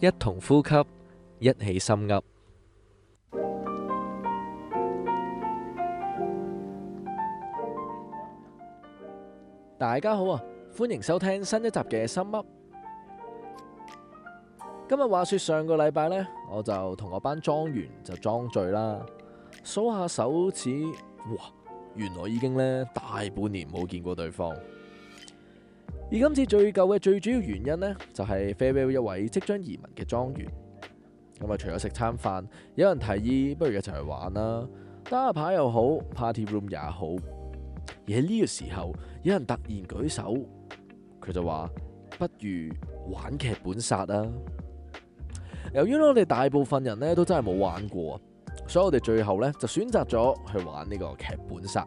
一同呼吸，一起心噏。大家好啊，歡迎收聽新一集嘅心噏。今日話說上個禮拜呢，我就同我班莊員就莊聚啦，數下手指，哇，原來已經呢，大半年冇見過對方。而今次聚舊嘅最主要原因呢，就係 farewell 一位即將移民嘅莊園。咁啊，除咗食餐飯，有人提議不如一齊去玩啦，打下牌又好，party room 也好。而喺呢個時候，有人突然舉手，佢就話不如玩劇本殺啦。由於我哋大部分人呢都真係冇玩過，所以我哋最後呢就選擇咗去玩呢個劇本殺。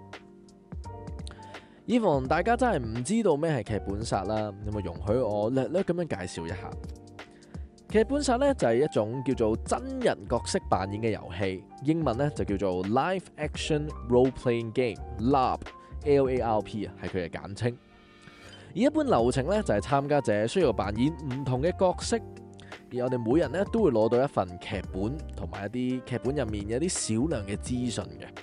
以防大家真係唔知道咩係劇本殺啦，有冇容許我略略咁樣介紹一下？劇本殺呢，就係一種叫做真人角色扮演嘅遊戲，英文呢就叫做 Live Action Role Playing Game，LARP，L A R P 啊係佢嘅簡稱。而一般流程呢，就係參加者需要扮演唔同嘅角色，而我哋每人呢都會攞到一份劇本同埋一啲劇本入面有啲少量嘅資訊嘅。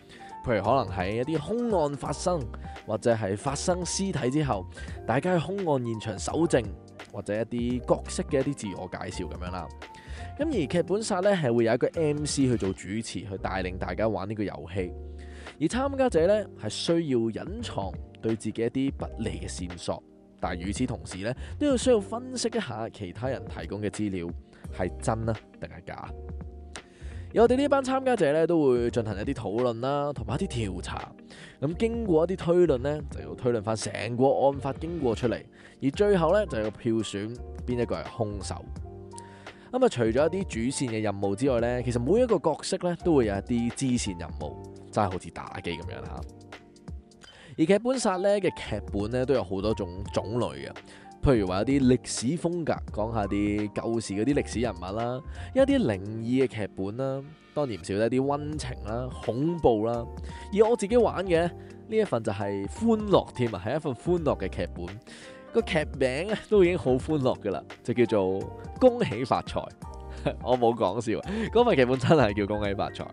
譬如可能係一啲兇案發生，或者係發生屍體之後，大家去兇案現場搜證，或者一啲角色嘅一啲自我介紹咁樣啦。咁而劇本殺咧係會有一個 MC 去做主持，去帶領大家玩呢個遊戲。而參加者咧係需要隱藏對自己一啲不利嘅線索，但係與此同時咧都要需要分析一下其他人提供嘅資料係真呀定係假。有我哋呢班參加者咧，都會進行一啲討論啦，同埋一啲調查。咁經過一啲推論呢，就要推論翻成個案發經過出嚟。而最後呢，就要票選邊一個係兇手。咁啊，除咗一啲主線嘅任務之外呢，其實每一個角色呢都會有一啲支線任務，真係好似打機咁樣吓。而劇本殺呢嘅劇本呢都有好多種種類嘅。譬如話有啲歷史風格，講下啲舊時嗰啲歷史人物啦，一啲靈異嘅劇本啦，當然唔少得啲溫情啦、恐怖啦，而我自己玩嘅呢一份就係歡樂添啊，係一份歡樂嘅劇本，個劇名咧都已經好歡樂噶啦，就叫做恭喜發財， 我冇講笑，嗰份劇本真係叫恭喜發財。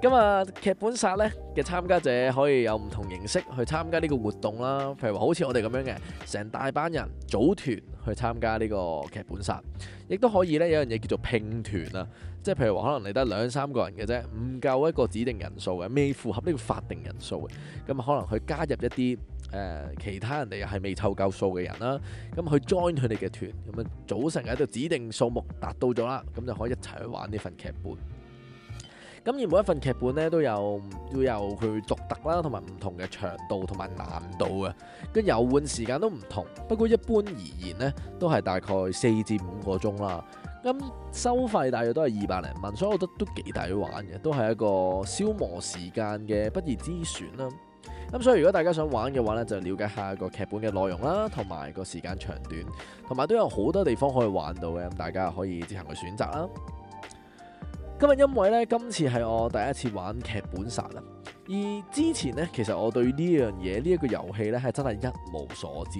咁啊，劇本殺咧嘅參加者可以有唔同形式去參加呢個活動啦，譬如話好似我哋咁樣嘅成大班人組團去參加呢個劇本殺，亦都可以咧有樣嘢叫做拼團啊，即係譬如話可能你得兩三個人嘅啫，唔夠一個指定人數嘅，未符合呢個法定人數嘅，咁可能去加入一啲、呃、其他人哋又係未湊夠數嘅人啦，咁去 join 佢哋嘅團，咁樣組成喺度指定數目達到咗啦，咁就可以一齊去玩呢份劇本。咁而每一份劇本咧都有都有佢獨特啦，同埋唔同嘅長度同埋難度啊，跟遊玩時間都唔同。不過一般而言呢，都係大概四至五個鐘啦。咁收費大約都係二百零蚊，所以我覺得都幾抵玩嘅，都係一個消磨時間嘅不二之選啦。咁所以如果大家想玩嘅話呢，就了解一下個劇本嘅內容啦，同埋個時間長短，同埋都有好多地方可以玩到嘅，咁大家可以自行去選擇啦。今日因為咧，今次係我第一次玩劇本殺啊！而之前呢，其實我對呢樣嘢、呢一個遊戲呢，係真係一無所知。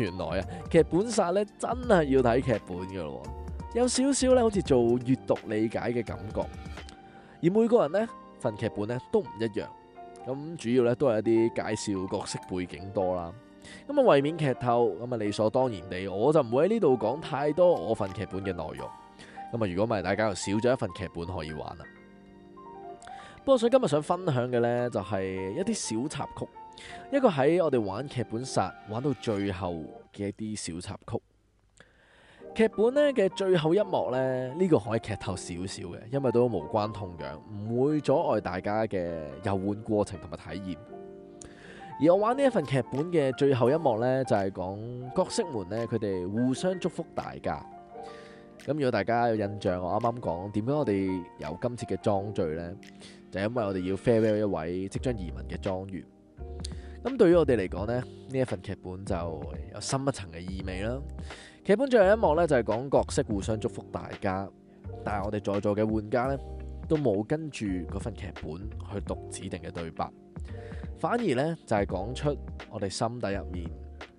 原來啊，劇本殺呢，真係要睇劇本嘅咯，有少少呢，好似做閱讀理解嘅感覺。而每個人呢，份劇本呢，都唔一樣，咁主要呢，都係一啲介紹角色背景多啦。咁啊，為免劇透，咁啊理所當然地，我就唔會喺呢度講太多我份劇本嘅內容。咁啊！如果唔係，大家又少咗一份劇本可以玩啦。不過，想今日想分享嘅呢，就係一啲小插曲，一個喺我哋玩劇本殺玩到最後嘅一啲小插曲。劇本呢嘅最後一幕呢，呢個可以劇透少少嘅，因為都無關痛癢，唔會阻礙大家嘅遊玩過程同埋體驗。而我玩呢一份劇本嘅最後一幕呢，就係講角色們呢，佢哋互相祝福大家。咁如果大家有印象我剛剛說，我啱啱講點解我哋有今次嘅莊聚呢？就是、因為我哋要 farewell 一位即將移民嘅莊員。咁對於我哋嚟講呢，呢一份劇本就有深一層嘅意味啦。劇本最後一幕呢，就係講角色互相祝福大家，但係我哋在座嘅玩家呢，都冇跟住嗰份劇本去讀指定嘅對白，反而呢，就係講出我哋心底入面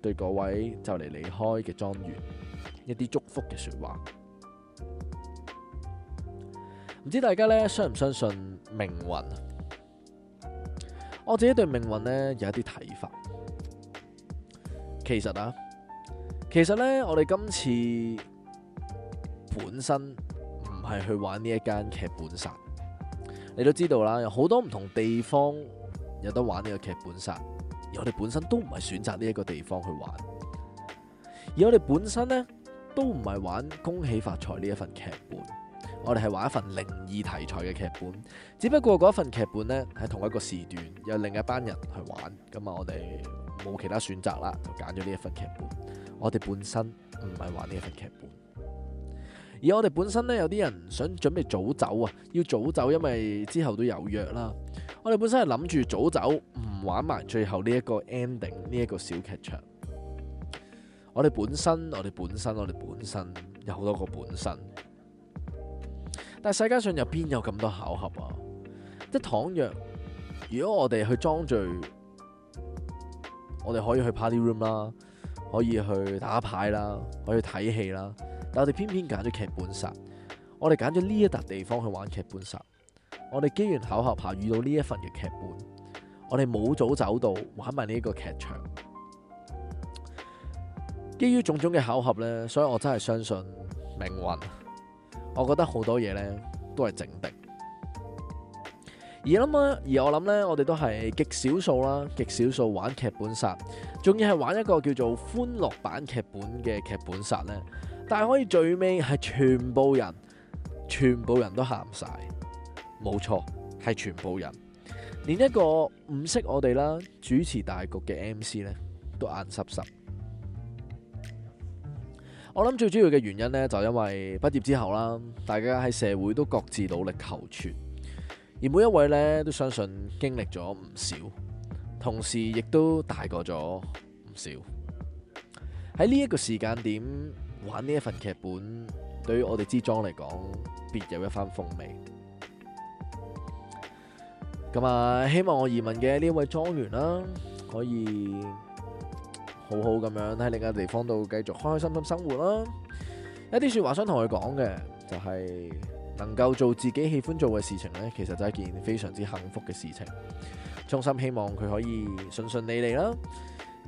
對嗰位就嚟離開嘅莊員一啲祝福嘅說話。唔知大家咧相唔相信命運啊？我自己對命運呢有一啲睇法。其實啊，其實呢，我哋今次本身唔係去玩呢一間劇本殺。你都知道啦，有好多唔同地方有得玩呢個劇本殺，而我哋本身都唔係選擇呢一個地方去玩。而我哋本身呢都唔係玩恭喜發財呢一份劇。我哋係玩一份靈異題材嘅劇本，只不過嗰份劇本呢係同一個時段，有另一班人去玩，咁啊，我哋冇其他選擇啦，就揀咗呢一份劇本。我哋本身唔係玩呢一份劇本，而我哋本身呢，有啲人想準備早走啊，要早走，因為之後都有約啦。我哋本身係諗住早走，唔玩埋最後呢一個 ending 呢一個小劇場。我哋本身，我哋本身，我哋本身，我哋本身有好多個本身。但世界上又邊有咁多巧合啊！即倘若如果我哋去裝醉，我哋可以去 party room 啦，可以去打牌啦，可以睇戲啦。但我哋偏偏揀咗劇本殺，我哋揀咗呢一笪地方去玩劇本殺。我哋機緣巧合下遇到呢一份嘅劇本，我哋冇早走到玩埋呢個劇場。基於種種嘅巧合呢，所以我真係相信命運。我覺得好多嘢呢都係整定的而，而諗，而我諗呢，我哋都係極少數啦，極少數玩劇本殺，仲要係玩一個叫做歡樂版劇本嘅劇本殺呢。但係可以最尾係全部人，全部人都喊晒，冇錯，係全部人，連一個唔識我哋啦，主持大局嘅 MC 呢，都眼濕濕。我諗最主要嘅原因呢，就因為畢業之後啦，大家喺社會都各自努力求存，而每一位呢，都相信經歷咗唔少，同時亦都大個咗唔少。喺呢一個時間點玩呢一份劇本，對於我哋支莊嚟講，別有一番風味。咁啊，希望我移民嘅呢一位莊員啦，可以。好好咁樣喺另一個地方度繼續開開心心生活啦，一啲說話想同佢講嘅就係、是、能夠做自己喜歡做嘅事情呢，其實就係一件非常之幸福嘅事情。衷心希望佢可以順順利利啦，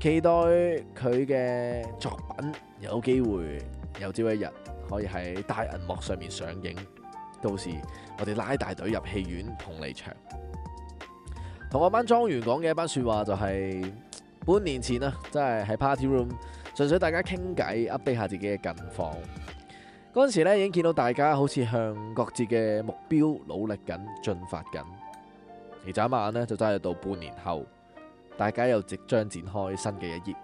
期待佢嘅作品有機會有朝一日可以喺大銀幕上面上映，到時我哋拉大隊入戲院同你撐場。同我班莊員講嘅一班說一班話就係、是。半年前啊，真係喺 party room，純粹大家傾偈，update 下自己嘅近況。嗰陣時已經見到大家好似向各自嘅目標努力緊、進發緊。而眨眼呢，就真係到半年後，大家又即將展開新嘅一頁。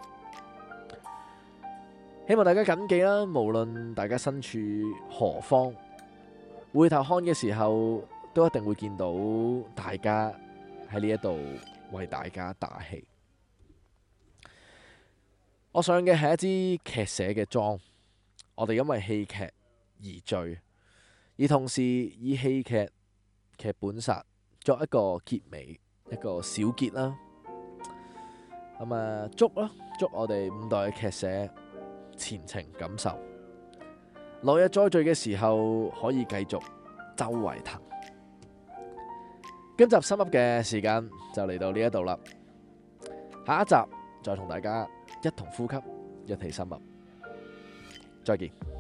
希望大家緊記啦，無論大家身處何方，回頭看嘅時候，都一定會見到大家喺呢一度為大家打氣。我上嘅係一支劇社嘅妝，我哋因為戲劇而聚，而同時以戲劇劇本殺作一個結尾，一個小結啦。咁啊，祝啦，祝我哋五代嘅劇社前程錦繡。來日再聚嘅時候，可以繼續周圍騰。今集深入嘅時間就嚟到呢一度啦，下一集再同大家。一同呼吸，一起生活，再見。